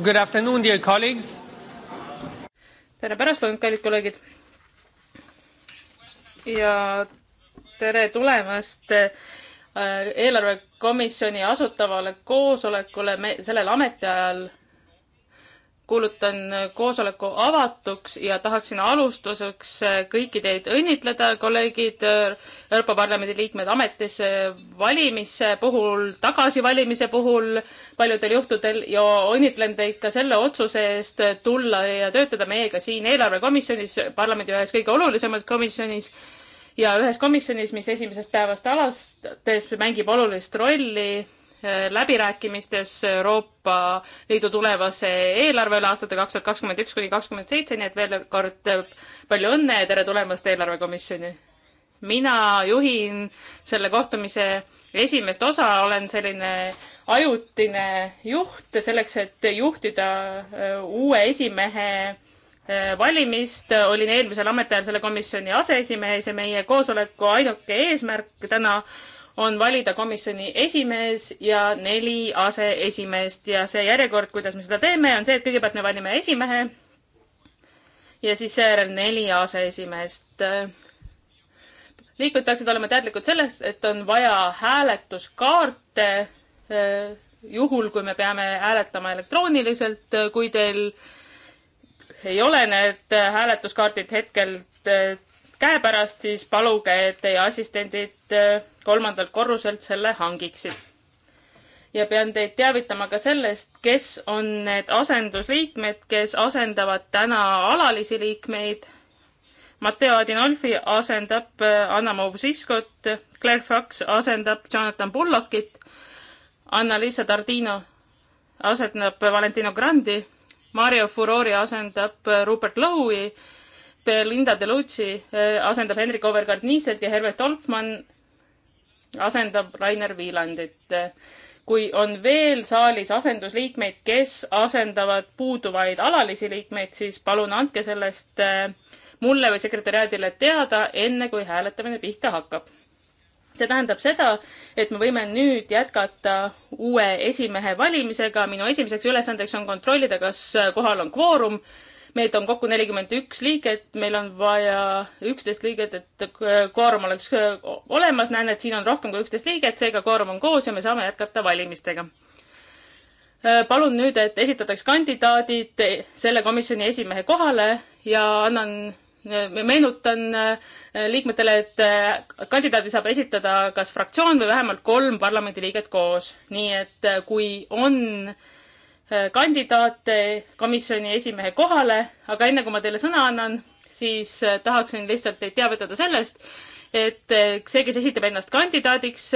Good afternoon, dear colleagues. tere pärastlõunat, kallid kolleegid. ja tere tulemast äh, eelarvekomisjoni asutavale koosolekule me sellel ametiajal kuulutan koosoleku avatuks ja tahaksin alustuseks kõiki teid õnnitleda, kolleegid, Euroopa Parlamendi liikmed ametisse valimise puhul, tagasivalimise puhul paljudel juhtudel ja õnnitlen teid ka selle otsuse eest tulla ja töötada meiega siin eelarvekomisjonis, parlamendi ühes kõige olulisemas komisjonis ja ühes komisjonis, mis esimesest päevast alates mängib olulist rolli Eh, läbirääkimistes Euroopa Liidu tulevase eelarve üle aastate kaks tuhat kakskümmend üks kuni kakskümmend seitse, nii et veel kord eh, palju õnne ja tere tulemast eelarvekomisjoni. mina juhin selle kohtumise esimest osa, olen selline ajutine juht selleks, et juhtida eh, uue esimehe valimist, olin eelmisel ametiajal selle komisjoni aseesimees ja meie koosoleku ainuke eesmärk täna on valida komisjoni esimees ja neli aseesimeest ja see järjekord, kuidas me seda teeme, on see, et kõigepealt me valime esimehe ja siis seejärel neli aseesimeest. liikmed peaksid olema teadlikud sellest, et on vaja hääletuskaarte eh, juhul, kui me peame hääletama elektrooniliselt, eh, kui teil ei ole need hääletuskaardid hetkel eh, käepärast, siis paluge, et teie assistendid äh, kolmandalt korruselt selle hangiksid. ja pean teid teavitama ka sellest, kes on need asendusliikmed, kes asendavad täna alalisi liikmeid. Matteo Adinolfi asendab äh, Anna Movsiskot, Claire Fox asendab Jonathan Bullockit, Anna-Liisa Tardino asendab Valentino Grandi, Mario Furori asendab äh, Rupert Lowe'i Belinda Delucci eh, asendab Henrik Overgard Niiselt ja Herbert Olfmann asendab Rainer Viilandit. kui on veel saalis asendusliikmeid, kes asendavad puuduvaid alalisi liikmeid, siis palun andke sellest eh, mulle või sekretäriaadile teada, enne kui hääletamine pihta hakkab. see tähendab seda, et me võime nüüd jätkata uue esimehe valimisega. minu esimeseks ülesandeks on kontrollida, kas kohal on kvoorum meid on kokku nelikümmend üks liiget, meil on vaja üksteist liiget, et koorum oleks olemas. näen, et siin on rohkem kui üksteist liiget, seega koorum on koos ja me saame jätkata valimistega. Äh, palun nüüd, et esitataks kandidaadid selle komisjoni esimehe kohale ja annan äh, meenutan äh, liikmetele, et kandidaadi saab esitada kas fraktsioon või vähemalt kolm parlamendiliiget koos. nii et kui on äh, Äh, kandidaate komisjoni esimehe kohale, aga enne kui ma teile sõna annan, siis äh, tahaksin lihtsalt teid teavitada sellest, et äh, see, kes esitab ennast kandidaadiks,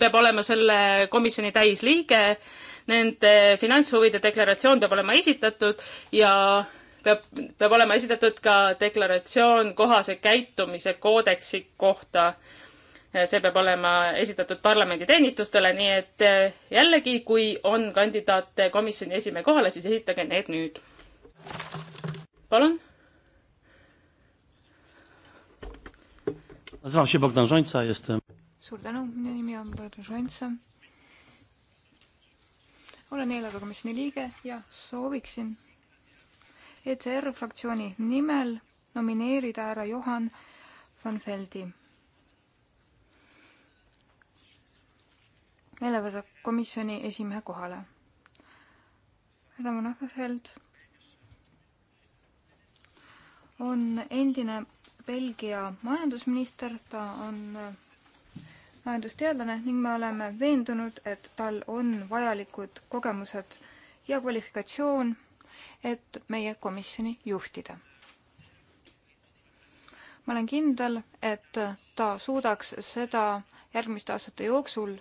peab olema selle komisjoni täisliige. Nende finantshuvide deklaratsioon peab olema esitatud ja peab, peab olema esitatud ka deklaratsioon kohase käitumise koodeksi kohta see peab olema esitatud parlamendi teenistustele, nii et eh, jällegi, kui on kandidaate komisjoni esimehe kohale, siis esitage need nüüd. palun. suur tänu, minu nimi on Bogdan Žontsa. olen eelarvekomisjoni liige ja sooviksin ECR fraktsiooni nimel nomineerida härra Johan van Veldi meele võrra komisjoni esimehe kohale. härra Manaferheld on endine Belgia majandusminister, ta on majandusteadlane ning me oleme veendunud, et tal on vajalikud kogemused ja kvalifikatsioon, et meie komisjoni juhtida. ma olen kindel, et ta suudaks seda järgmiste aastate jooksul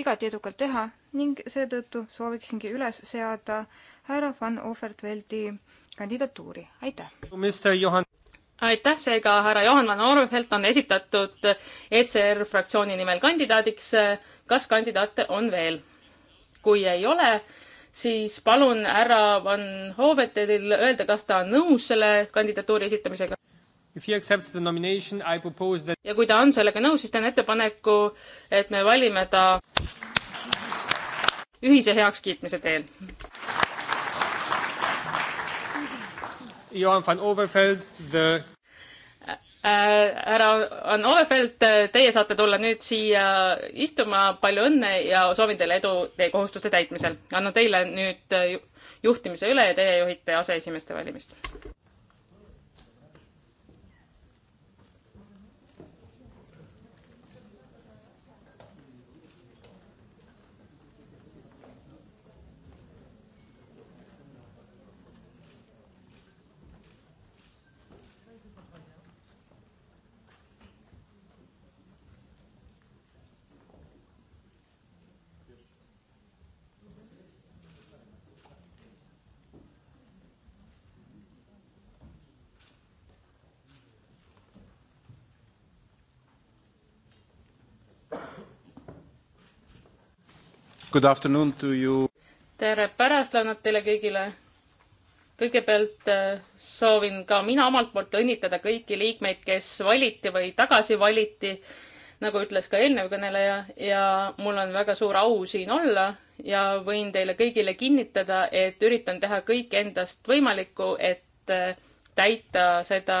igati edukalt teha ning seetõttu sooviksingi üles seada härra Van Ohverfeldi kandidatuuri, aitäh! aitäh, seega härra Johan Van Orvelt on esitatud ECR fraktsiooni nimel kandidaadiks. kas kandidaate on veel? kui ei ole, siis palun härra Van Hovetelil öelda, kas ta on nõus selle kandidatuuri esitamisega. That... ja kui ta on sellega nõus, siis teen ettepaneku, et me valime ta ühise heakskiitmise teel. Johan van Overfeld, the härra Ann Ovefeld, teie saate tulla nüüd siia istuma, palju õnne ja soovin teile edu teie kohustuste täitmisel. annan teile nüüd juhtimise üle ja teie juhite aseesimeeste valimist. Good afternoon to you. tere pärastlõunat teile kõigile. kõigepealt äh, soovin ka mina omalt poolt õnnitleda kõiki liikmeid, kes valiti või tagasi valiti, nagu ütles ka eelnev kõneleja ja mul on väga suur au siin olla ja võin teile kõigile kinnitada, et üritan teha kõik endast võimalikku, et äh, täita seda,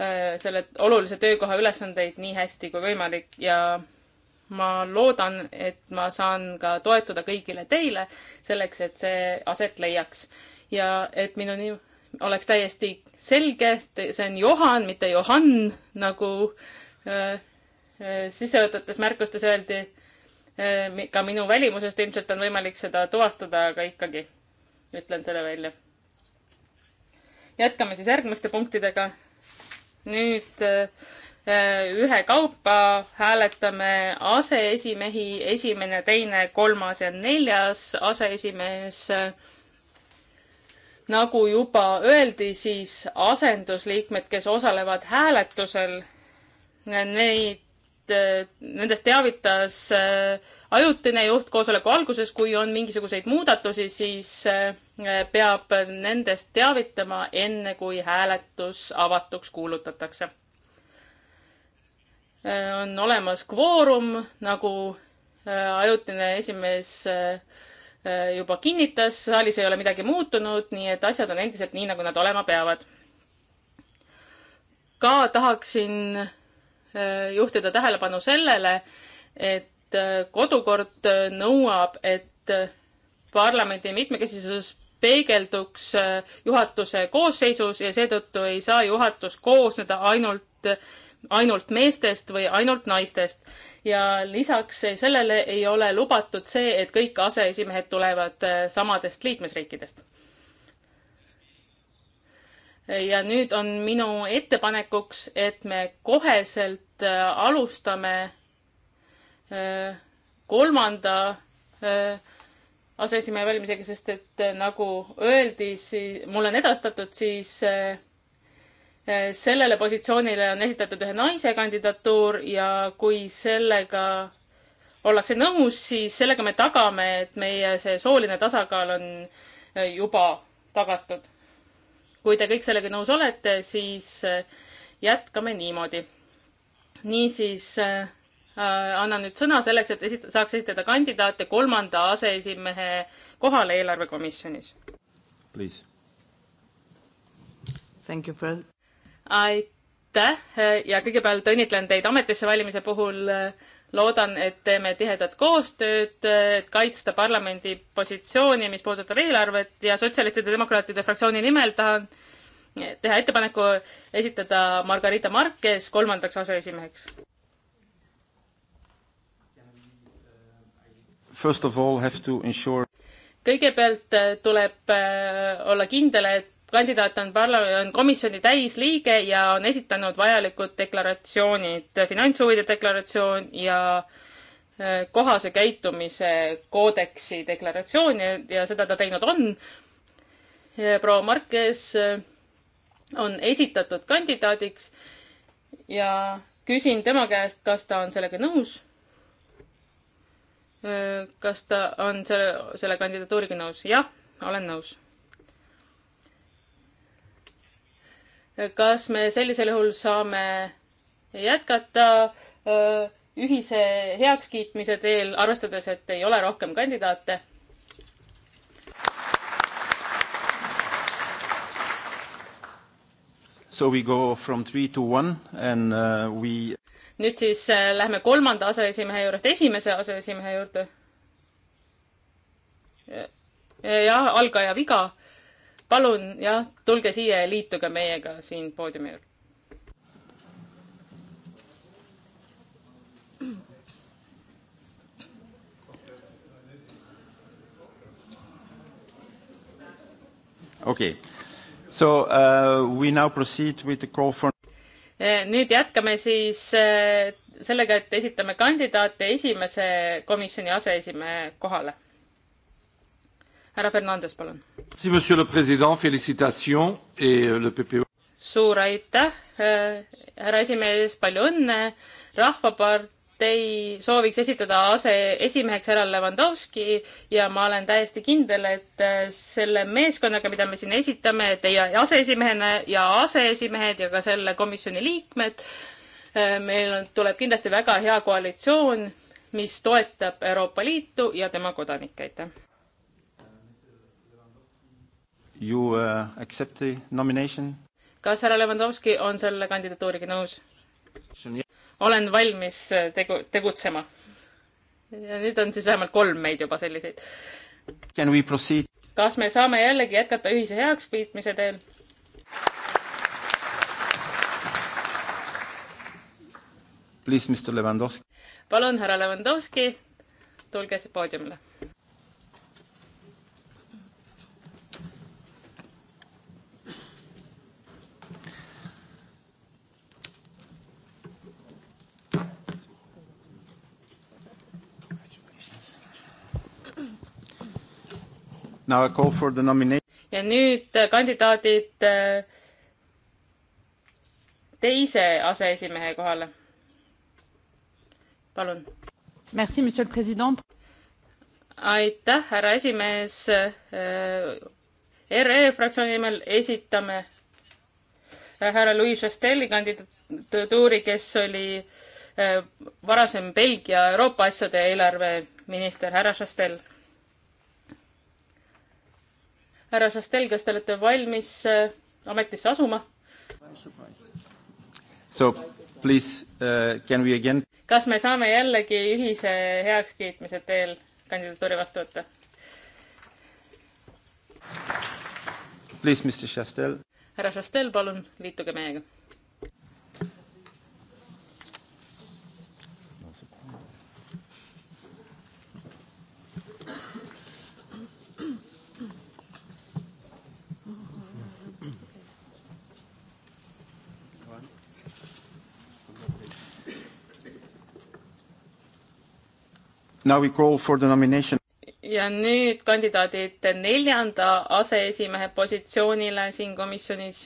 äh, selle olulise töökoha ülesandeid nii hästi kui võimalik ja ma loodan, et ma saan ka toetuda kõigile teile selleks, et see aset leiaks ja et minu nimi oleks täiesti selge, see on Johan, mitte Johann, nagu äh, äh sissejuhatavates märkustes öeldi äh,. ka minu välimusest ilmselt on võimalik seda tuvastada, aga ikkagi ütlen selle välja. jätkame siis järgmiste punktidega. nüüd äh, ühekaupa hääletame aseesimehi, esimene, teine, kolmas ja neljas aseesimees. nagu juba öeldi, siis asendusliikmed, kes osalevad hääletusel, neid, nendest teavitas äh, ajutine juht koosoleku alguses, kui on mingisuguseid muudatusi, siis äh, peab nendest teavitama enne, kui hääletus avatuks kuulutatakse Äh, on olemas kvoorum, nagu äh, ajutine esimees äh, juba kinnitas, saalis ei ole midagi muutunud, nii et asjad on endiselt nii, nagu nad olema peavad. ka tahaksin juhtida tähelepanu sellele, et kodukord nõuab, et parlamendi mitmekesisus peegelduks juhatuse koosseisus ja seetõttu ei saa juhatus koosneda ainult ainult meestest või ainult naistest. ja lisaks sellele ei ole lubatud see, et kõik aseesimehed tulevad äh, samadest liikmesriikidest. ja nüüd on minu ettepanekuks, et me koheselt äh, alustame äh, kolmanda aseesimehe valimisega, sest et nagu öeldi, siis mulle on edastatud, siis sellele positsioonile on esitatud ühe naise kandidatuur ja kui sellega ollakse nõus, siis sellega me tagame, et meie see sooline tasakaal on äh, juba tagatud. kui te kõik sellega nõus olete, siis äh, jätkame niimoodi. niisiis äh, äh, annan nüüd sõna selleks, et esita-, saaks esitada kandidaate kolmanda aseesimehe kohale eelarvekomisjonis. Please. Thank you, aitäh eh, ja kõigepealt õnnitlen teid ametisse valimise puhul. loodan, et teeme tihedat koostööd, eh, et kaitsta parlamendi positsiooni, mis puudutab eelarvet ja Sotsialistide ja Demokraatide fraktsiooni nimel tahan eh, teha ettepaneku esitada Margarita Markes kolmandaks aseesimeheks. First of all have to ensure kõigepealt tuleb olla kindel, et kandidaat on parla-, on komisjoni täisliige ja on esitanud vajalikud deklaratsioonid, finantshuvide deklaratsioon ja äh, kohase käitumise koodeksi deklaratsioon ja, ja seda ta teinud on. proua Markes äh, on esitatud kandidaadiks ja küsin tema käest, kas ta on sellega nõus. Äh, kas ta on selle, selle kandidatuuriga nõus? jah, olen nõus kas me sellisel juhul saame jätkata äh, ühise heakskiitmise teel, arvestades, et ei ole rohkem kandidaate? So we go from three to one and uh, we nüüd siis äh, lähme kolmanda aseesimehe juurest esimese aseesimehe juurde. ja algaja viga palun jah, tulge siia ja liituge meiega siin poodiumi juures. okei okay., so uh, we now proceed with the call for. Eh, nüüd jätkame siis eh, sellega, et esitame kandidaate esimese komisjoni aseesimehe kohale härra Fernandes, palun. Euh, suur aitäh, äh, härra esimees, palju õnne. rahvapartei sooviks esitada aseesimeheks härra Levandovski ja ma olen täiesti kindel, et äh, selle meeskonnaga, mida me siin esitame, teie aseesimehena ja aseesimehed ja ka selle komisjoni liikmed, äh, meil on, tuleb kindlasti väga hea koalitsioon, mis toetab Euroopa Liitu ja tema kodanikke, aitäh! you uh, accept the nomination? kas härra Levanovski on selle kandidatuuriga nõus? olen valmis äh, tegu, tegutsema. ja nüüd on siis vähemalt kolm meid juba selliseid. Can we proceed? kas me saame jällegi jätkata ühise heakskiitmise teel? Please, Mr Levanovski. palun, härra Levanovski, tulge poodiumile. ja nüüd äh, kandidaadid äh, teise aseesimehe kohale. palun. aitäh, härra esimees. Äh, RE fraktsiooni nimel esitame härra Louis Chastelli kandidatuuri, kes oli varasem Belgia Euroopa asjade eelarveminister, härra Chastel härra Šastel, kas te olete valmis äh, ametisse asuma? So please uh, can we again? kas me saame jällegi ühise heakskiitmise teel kandidatuuri vastu võtta? Please, Mr Šastel. härra Šastel, palun liituge meiega ja nüüd kandidaadid neljanda aseesimehe positsioonile siin komisjonis.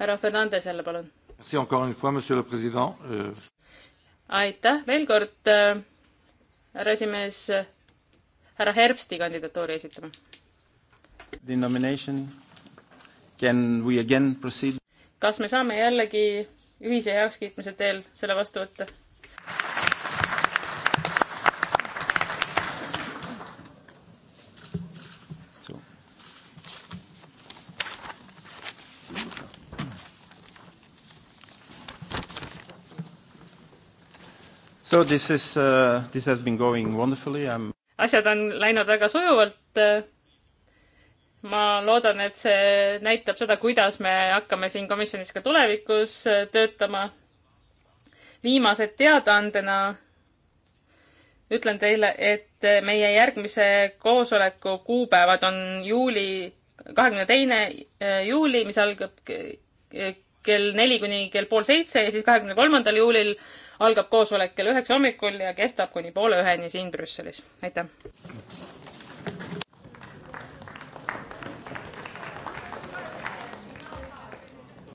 härra Fernandes jälle, palun. Euh, aitäh veel kord äh,, härra esimees, härra Herbsti kandidatuuri esitama. kas me saame jällegi ühise heakskiitmise teel selle vastu võtta? So this is uh,, this has been going wonderfully, I am asjad on läinud väga sujuvalt. Äh, ma loodan, et see näitab seda, kuidas me hakkame siin komisjonis ka tulevikus äh, töötama. viimase teadaandena ütlen teile, et äh, meie järgmise koosoleku kuupäevad on juuli, kahekümne teine juuli, mis algab kell neli kuni kell pool seitse ja siis kahekümne kolmandal juulil algab koosolek kell üheksa hommikul ja kestab kuni poole üheni siin Brüsselis. aitäh!